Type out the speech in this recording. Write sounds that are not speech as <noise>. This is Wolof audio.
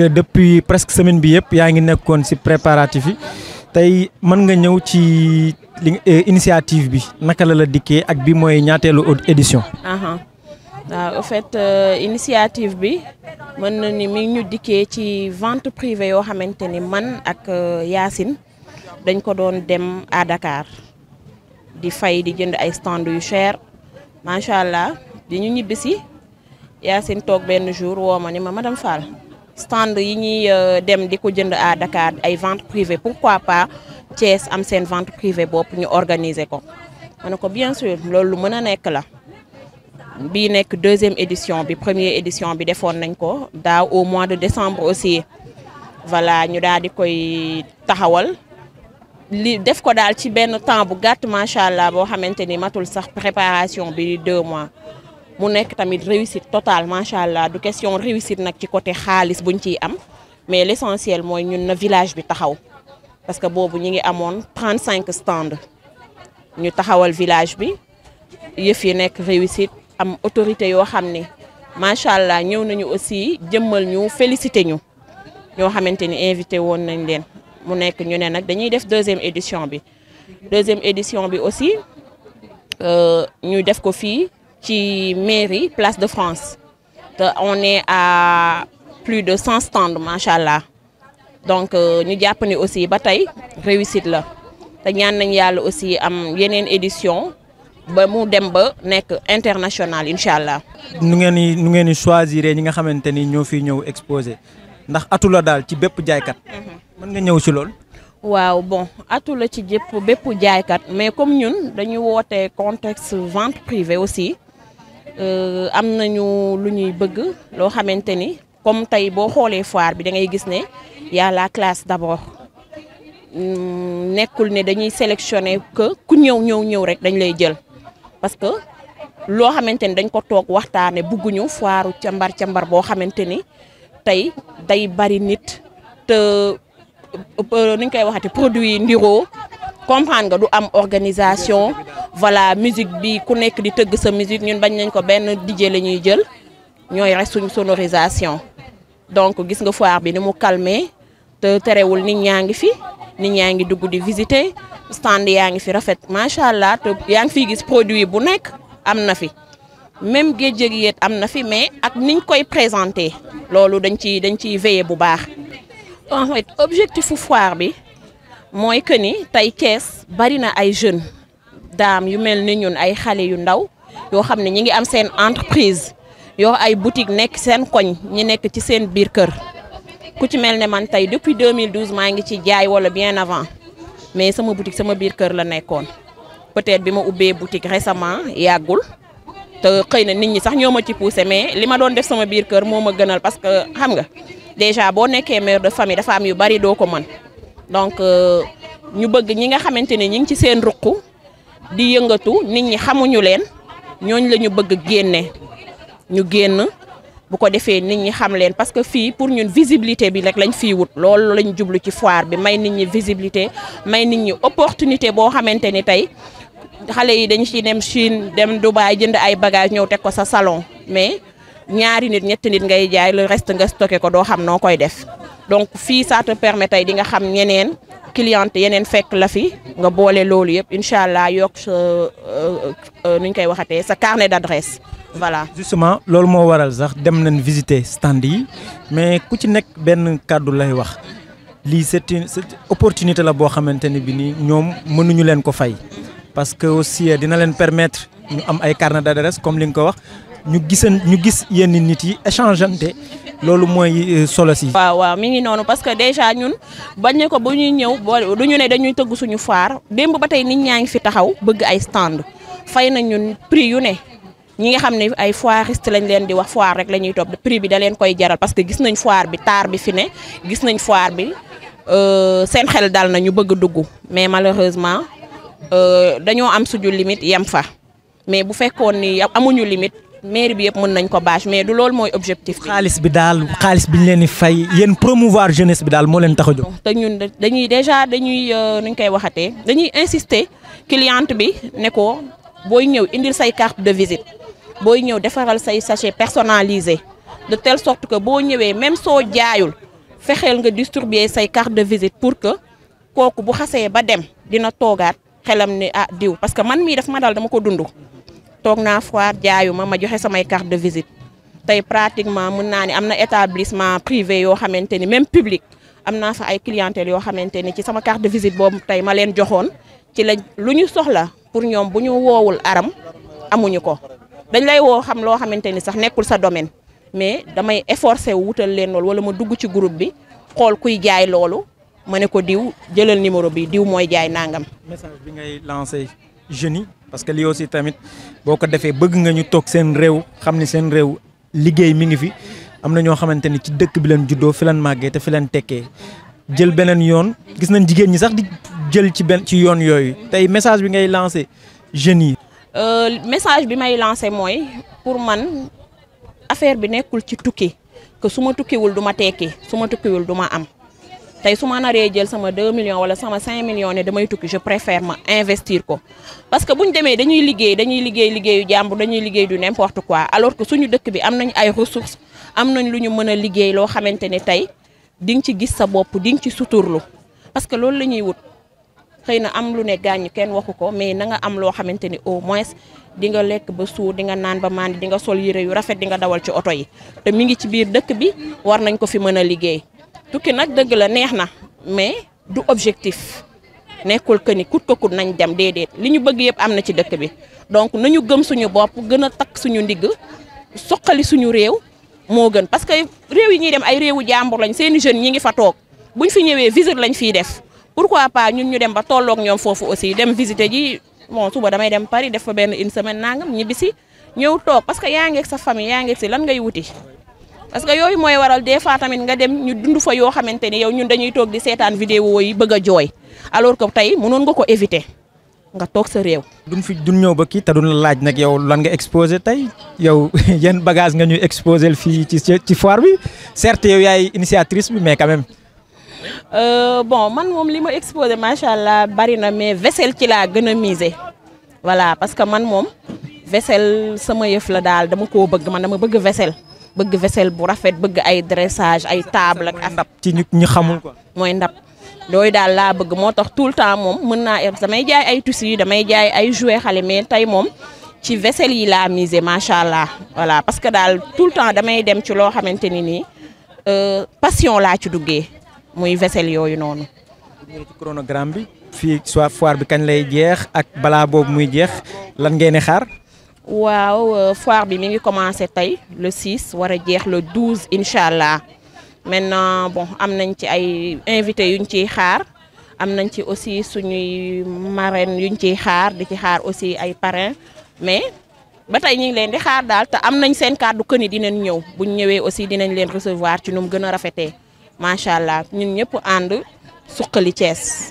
que depuis presque semaine bi yëpp yaa ngi nekkoon ci préparatif yi tey mën nga ñëw ci euh, initiative bi naka la la dikkee ak bi mooy ñaateelu édition. waaw en fait euh, initiative bi mën na ni mi ñu dikkee ci vente privée yoo xamante ni man ak euh, Yacine dañ ko doon dem à Dakar di fay di jënd ay stand yu cher macha allah di ñu ñibbisi Yacine toog benn jour woo ni ma madame Fall. stand yi ñuy euh, dem di ko jënd à Dakar ay vente privée pourquoi pas Thiès am seen vente privée bopp ñu organiser ko ma ne ko bien sûr loolu lu mën a nekk la bi nekk deuxième édition bi première édition bi defoon nañ ko daaw au mois de décembre aussi voilà ñu daal di koy taxawal li def ko daal ci benn temps bu gàtt macha allah boo xamante ni matul sax préparation bi deux mois mu nekk tamit réussite totale macha allah du question réussite nag ci côté xaalis buñ ciy am mais l' essentiel mooy ñun na village bi taxaw parce que boobu ñu ngi amoon cinq stand ñu taxawal village bi yëf yi nekk réussite am autorité yoo xam ne macha allah ñëw nañu aussi jëmmal ñu félicité ñu ñoo xamante ni invité woon nañ leen mu nekk ñu ne nag dañuy def deuxième édition bi deuxième édition bi aussi euh, ñu def ko fii ci mairie place de France te on est à plus de cent stands macha allah donc euh, ñu jàpp ne aussi ba tey réussite la te ñaan nañ yàlla aussi am yeneen édition ba mu dem ba nekk international incha allah. nu ngeen di nu ngeen di choisir ñi nga xamante ni ñoo fi ñëw exposé ndax atu daal ci bépp jaaykat. Mhm. mën nga ñëw si lool. waaw bon atu ci jëpp bépp jaaykat mais comme ñun dañu woote contexte vente privée aussi. Euh, am nañu lu ñuy bëgg loo xamante ni comme tey boo xoolee foire bi da ngay gis ne y a la classe d'abord hmm, nekkul ne dañuy sélectionner que ku ñëw ñëw ñëw rek dañ lay jël parce que loo xamante ni dañ ko toog waxtaane bugguñu foiru cambar cambar boo xamante ni tey day bari nit te euh, nuñ koy waxati produit ndiroo comprendre nga du am organisation voilà musique bi ku nekk di tëgg sa musique ñun bañ nañ ko benn DJ la ñuy jël ñooy rek sonorisation donc gis nga foire bi ni mu calmé te terewul nit ñaa ngi fi nit ñaa ngi dugg di visiter stand yaa ngi fi rafet macha allah te yaa ngi fiy gis produit bu nekk am na fi même géej yéet am na fi mais ak niñ koy présenté loolu dañ ci dañ ciy veiller bu baax en fait objectifu foire bi mooy que ni tey Thiès bari na ay jeunes. daam yu mel ni ñun ay xale yu ndaw yoo xam ne ñi ngi am seen entreprise yoo ay boutique nekk seen koñ ñi nekk ci seen biir kër ku ci mel ne man tey depuis 2012 maa ngi ci jaay wala bien avant mais sama boutique sama biir kër la nekkoon peut-être bi ma ubbee boutique récemment yàggul te xëy na nit ñi sax ñoo ma ci poussé mais li ma doon def sama biir kër moo ma gënal parce que xam nga déjà boo nekkee mère de famille dafa am yu bari doo ko man donc euh, ñu bëgg ñi nga xamante ne ñi ngi ci seen ruq di yëngatu nit ñi xamuñu leen ñooñ la ñu bëgg génne ñu génn bu ko defee nit ñi xam leen parce que fii pour ñun visibilité bi rek lañ fiy wut loolu lañ jublu ci foire bi may nit ñi visibilité may nit ñi opportunité boo xamante ni tey xale yi dañ ci dem Chine dem Dubaï jënd ay bagage ñëw teg ko sa salon mais ñaari nit ñetti nit ngay jaay le rest nga stocké ko doo xam noo koy def donc fii ça permet tey di xam ñeneen. cliente yeneen fekk la fi nga boole loolu yëpp incha allah yokk sa euh, euh, nu ñu koy waxatee sa carnet d'adresse voilà. justement loolu moo waral sax dem nañ visiter stand yi mais ku ci nekk benn kàddu lay wax lii c'est une opportunité la boo xamante ne bi nii ñoom mënuñu leen ko fay parce que aussi dina leen permettre ñu am ay carnet d'adresse comme li nga ko wax. ñu gisan ñu gis yenn nit yi échangeante loolu mooy euh, solo si. waaw waaw mi ngi noonu parce que déjà ñun bañ ne ko bu ñuy ñëw boo du ñu ne dañuy tëgg suñu foire démb ba tey nit ñaa ngi fi taxaw bëgg ay stand fay na ñun prix yu ne ñi nga xam ne ay foiriste lañ leen di wax foire rek la ñuy topp prix bi da leen koy jaral parce que gis nañ foire bi taar bi fi ne gis nañ foire bi euh, seen xel dal na ñu bëgg dugg mais malheureusement euh, dañoo am suñu limite yem fa mais bu fekkoon ni mairie bi yëpp mën nañ ko bâche mais du loolu mooy objectif bi. xaalis bi daal xaalis bi ñu leen di fay yéen promouvoir jeunesse bi daal moo leen tax a jóg. te ñun dañuy déjà dañuy euh, nuñ koy waxatee dañuy insister cliente bi ne ko booy ñëw indil say carte de visite booy ñëw defaral say sachet personnalisé de telle sorte que boo ñëwee même soo jaayul fexeel nga distribuer say carte de visite pour que kooku bu xasee ba dem dina toogaat xelam ne ah diw parce que man mii daf ma daal dama ko dund. toog naa foire jaayuma ma joxe samay carte de visite tey pratiquement mun naa ne am na établissement privé yoo xamante ni même public am naa fa ay clientèle yoo xamante ni ci sama carte de visite boobu tey ma leen joxoon ci la lu ñu soxla pour ñoom bu ñu woowul aram amuñu ko dañ lay woo xam loo xamante ni sax nekkul sa domaine mais damay efforcé wu wutal leen loolu wala ma dugg ci groupe bi xool kuy jaay loolu ma ne ko diw jëlal numéro bi diw mooy jaay nangam. message jeunes yi parce que lii aussi tamit boo ko defee bëgg nga ñu toog seen réew xam ni seen réew liggéey mi ngi fi am na ñoo xamante ni ci dëkk bi leen juddoo fi leen màggee te fi leen tekkee jël beneen yoon gis nañ jigéen ñi sax di jël ci benn ci yoon yooyu tey message bi ngay lancé jeunes yi. Euh, message bi may lancé mooy pour man affaire bi nekkul ci tukki que su ma tukkiwul du ma tekki su ma tukkiwul duma am. tey su ma naree jël sama 2 millions wala sama 5 millions ne damay tukki je préfère ma investir ko parce bu ñu demee dañuy liggéey dañuy liggéey liggéeyu jàmbur dañuy liggéey du n'importe quoi alors que suñu dëkk bi am nañu ay ressources am nañ lu ñu mën a liggéey loo xamante ne tey di ci gis sa bopp di nga ci suturlu parce que loolu la ñuy wut xëy na am lu ne gaañ kenn waxu ko mais na nga am loo xamante ni au moins di nga lekk ba suur di nga naan ba màndi di nga sol yére yu rafet di nga dawal ci oto yi te mi ngi ci biir dëkk bi war nañ ko fi mën a liggéey. tukki nag dëgg la neex na mais du objectif nekkul que ni kut ko kut nañ dem déedéet li ñu bëgg yëpp am na ci dëkk bi donc nañu gëm suñu bopp gën a takk suñu ndigg soqali suñu réew moo gën parce que réew yi ñuy dem ay réewu jàmbur lañ seeni jeunes ñi ngi fa toog bu buñ fi ñëwee visite lañ fiy def pour pourquoi pas ñun ñu dem ba tollook ñoom foofu aussi dem visiter ji bon suba damay dem Paris def fa benn une semaine nangam ñibbisi ñëw toog parce que yaa ngeeg sa famille yaa ngeeg si lan ngay wuti parce que yooyu mooy waral des tamit nga dem ñu dund fa yoo xamante ni yow ñun dañuy toog di seetaan vidéo yi bëgg a jooy alors que tey mënoon nga ko éviter nga toog sa réew. dun fi duñ ñëw ba kii te duñ la laaj nag yow lan nga exposé tey yow <laughs> yan bagage nga ñuy exposé fii ci ci foire bi certes yow yaay initiatrice bi mais quand euh, bon man moom li ma exposé macha allah bari na mais vaisselle ci laa gën a misé voilà parce que man moom vaisselle sama yëf la daal dama koo bëgg man dama bëgg vaisselle. bëgg vaisselle bu rafet bëgg ay dressage ay table ak affaire. ndab ci ñu xamul ko mooy ndab yooyu daal laa bëgg moo tax tout le temps moom mën naa er damay jaay ay tissus damay jaay ay jouets xale mais tey moom ci vaisselle yi laa misé macha allah voilà parce que daal tout le temps damay dem ci loo xamante ni nii euh, passion laa ci duggee muy vaisselle yooyu noonu. ci bi. fii soit foire bi kañ lay jeex ak balaa boobu muy jeex lan ngeen xaar. waaw euh, foire bi mi ngi commencé tey le 6 war a jeex le 12 incha allah maintenant bon am nañ ci ay invité yuñ ciy xaar am nañ ci aussi suñuy marraine yuñ ciy xaar di ci xaar aussi ay parrain mais ba tey ñu ngi leen di xaar daal te am nañ seen kàddu këni dinañ ñëw buñ ñëwee aussi dinañ leen recevoir ci nu mu gën a rafetee macha allah ñun ñëpp ànd suqali Thiès.